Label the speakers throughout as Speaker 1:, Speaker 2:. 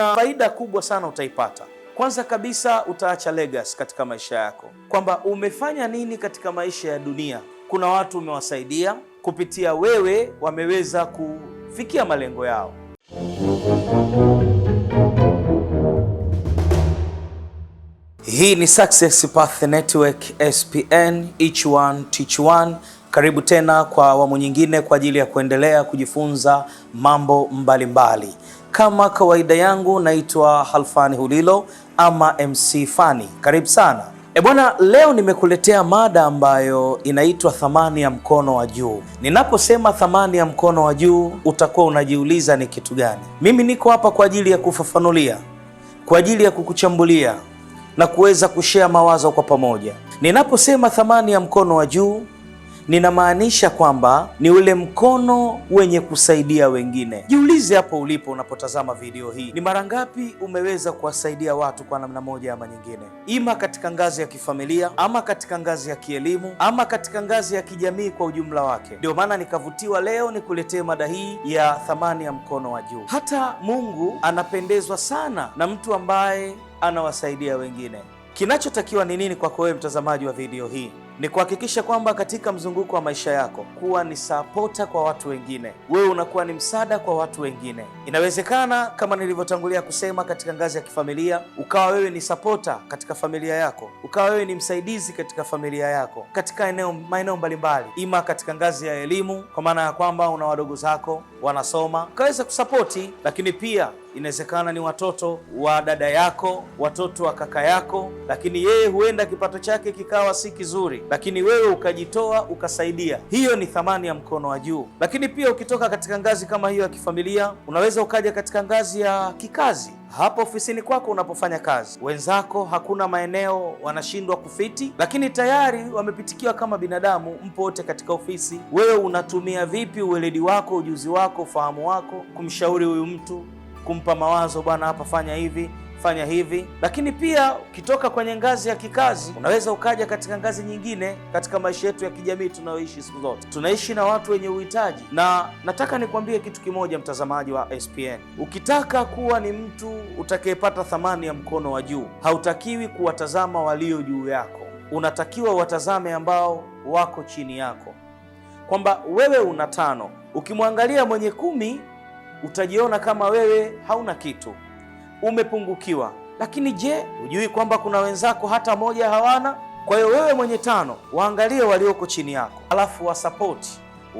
Speaker 1: kuna faida kubwa sana utaipata. Kwanza kabisa utaacha legacy katika maisha yako, kwamba umefanya nini katika maisha ya dunia. Kuna watu umewasaidia kupitia wewe, wameweza kufikia malengo yao.
Speaker 2: Hii ni Success Path Network SPN, each one teach one. Karibu tena kwa awamu nyingine kwa ajili ya kuendelea kujifunza mambo mbalimbali mbali. Kama kawaida yangu naitwa Halfani Hulilo ama MC Fani, karibu sana e bwana. Leo nimekuletea mada ambayo inaitwa thamani ya mkono wa juu. Ninaposema thamani ya mkono wa juu, utakuwa unajiuliza ni kitu gani? Mimi niko hapa kwa ajili ya kufafanulia, kwa ajili ya kukuchambulia na kuweza kushea mawazo kwa pamoja. Ninaposema thamani ya mkono wa juu ninamaanisha kwamba ni ule mkono wenye kusaidia wengine. Jiulize hapo ulipo unapotazama video hii, ni mara ngapi umeweza kuwasaidia watu kwa namna moja ama nyingine, ima katika ngazi ya kifamilia ama katika ngazi ya kielimu ama katika ngazi ya kijamii kwa ujumla wake. Ndio maana nikavutiwa leo nikuletee mada hii ya thamani ya mkono wa juu. Hata Mungu anapendezwa sana na mtu ambaye anawasaidia wengine. Kinachotakiwa ni nini kwako wewe mtazamaji wa video hii? ni kuhakikisha kwamba katika mzunguko wa maisha yako kuwa ni sapota kwa watu wengine, wewe unakuwa ni msaada kwa watu wengine. Inawezekana kama nilivyotangulia kusema, katika ngazi ya kifamilia ukawa wewe ni sapota katika familia yako, ukawa wewe ni msaidizi katika familia yako, katika eneo maeneo mbalimbali, ima katika ngazi ya elimu, kwa maana ya kwamba una wadogo zako wanasoma, ukaweza kusapoti, lakini pia inawezekana ni watoto wa dada yako, watoto wa kaka yako, lakini yeye huenda kipato chake kikawa si kizuri lakini wewe ukajitoa ukasaidia, hiyo ni thamani ya mkono wa juu. Lakini pia ukitoka katika ngazi kama hiyo ya kifamilia, unaweza ukaja katika ngazi ya kikazi. Hapo ofisini kwako unapofanya kazi, wenzako hakuna maeneo wanashindwa kufiti, lakini tayari wamepitikiwa kama binadamu. Mpo wote katika ofisi, wewe unatumia vipi uweledi wako, ujuzi wako, ufahamu wako kumshauri huyu mtu, kumpa mawazo, bwana hapa fanya hivi fanya hivi. Lakini pia ukitoka kwenye ngazi ya kikazi, unaweza ukaja katika ngazi nyingine katika maisha yetu ya kijamii tunayoishi siku zote. Tunaishi na watu wenye uhitaji, na nataka nikuambie kitu kimoja, mtazamaji wa SPN, ukitaka kuwa ni mtu utakayepata thamani ya mkono wa juu, hautakiwi kuwatazama walio juu yako, unatakiwa watazame ambao wako chini yako, kwamba wewe una tano, ukimwangalia mwenye kumi utajiona kama wewe hauna kitu umepungukiwa. Lakini je, hujui kwamba kuna wenzako hata moja hawana? Kwa hiyo wewe mwenye tano, waangalie walioko chini yako, alafu wasapoti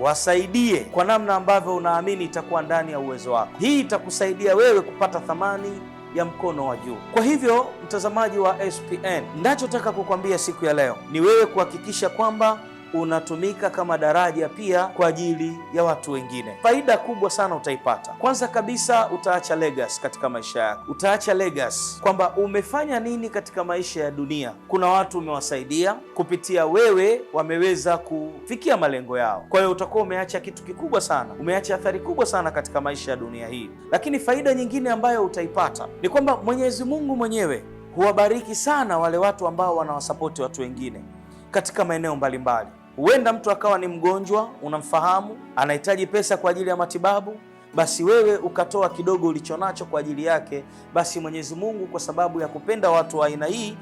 Speaker 2: wasaidie kwa namna ambavyo unaamini itakuwa ndani ya uwezo wako. Hii itakusaidia wewe kupata thamani ya mkono wa juu. Kwa hivyo, mtazamaji wa SPN, ninachotaka kukwambia siku ya leo ni wewe kuhakikisha kwamba unatumika kama daraja pia kwa ajili ya watu wengine. Faida kubwa sana utaipata. Kwanza kabisa, utaacha legacy katika maisha yako, utaacha legacy kwamba umefanya nini katika maisha ya dunia. Kuna watu umewasaidia kupitia wewe, wameweza kufikia malengo yao. Kwa hiyo utakuwa umeacha kitu kikubwa sana, umeacha athari kubwa sana katika maisha ya dunia hii. Lakini faida nyingine ambayo utaipata ni kwamba Mwenyezi Mungu mwenyewe huwabariki sana wale watu ambao wanawasapoti watu wengine katika maeneo mbalimbali. Huenda mtu akawa ni mgonjwa, unamfahamu, anahitaji pesa kwa ajili ya matibabu, basi wewe ukatoa kidogo ulichonacho kwa ajili yake, basi Mwenyezi Mungu kwa sababu ya kupenda watu wa aina hii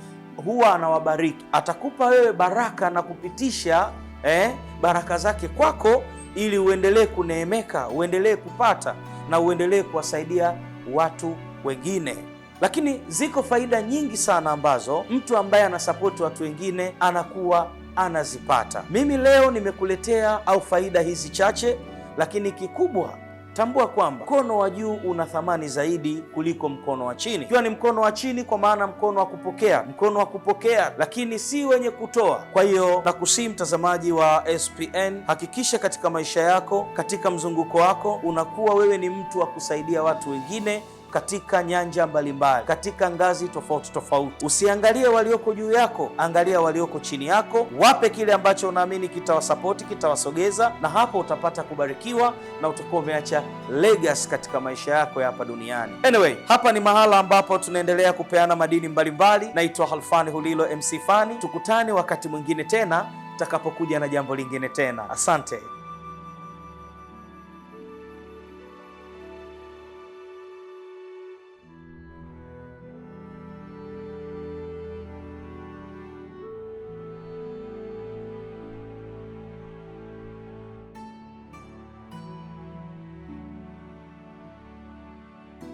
Speaker 2: huwa anawabariki, atakupa wewe baraka na kupitisha eh, baraka zake kwako, ili uendelee kuneemeka, uendelee kupata na uendelee kuwasaidia watu wengine. Lakini ziko faida nyingi sana ambazo mtu ambaye anasapoti watu wengine anakuwa anazipata. Mimi leo nimekuletea au faida hizi chache, lakini kikubwa tambua kwamba mkono wa juu una thamani zaidi kuliko mkono wa chini. Ikiwa ni mkono wa chini, kwa maana mkono wa kupokea, mkono wa kupokea, lakini si wenye kutoa. Kwa hiyo nakusihi mtazamaji wa SPN, hakikisha katika maisha yako, katika mzunguko wako, unakuwa wewe ni mtu wa kusaidia watu wengine katika nyanja mbalimbali, katika ngazi tofauti tofauti. Usiangalie walioko juu yako, angalia walioko chini yako, wape kile ambacho unaamini kitawasapoti, kitawasogeza, na hapo utapata kubarikiwa na utakuwa umeacha legacy katika maisha yako ya hapa duniani. Anyway, hapa ni mahala ambapo tunaendelea kupeana madini mbalimbali. Naitwa Halfani Hulilo MC Fani, tukutane wakati mwingine tena takapokuja na jambo lingine tena. Asante.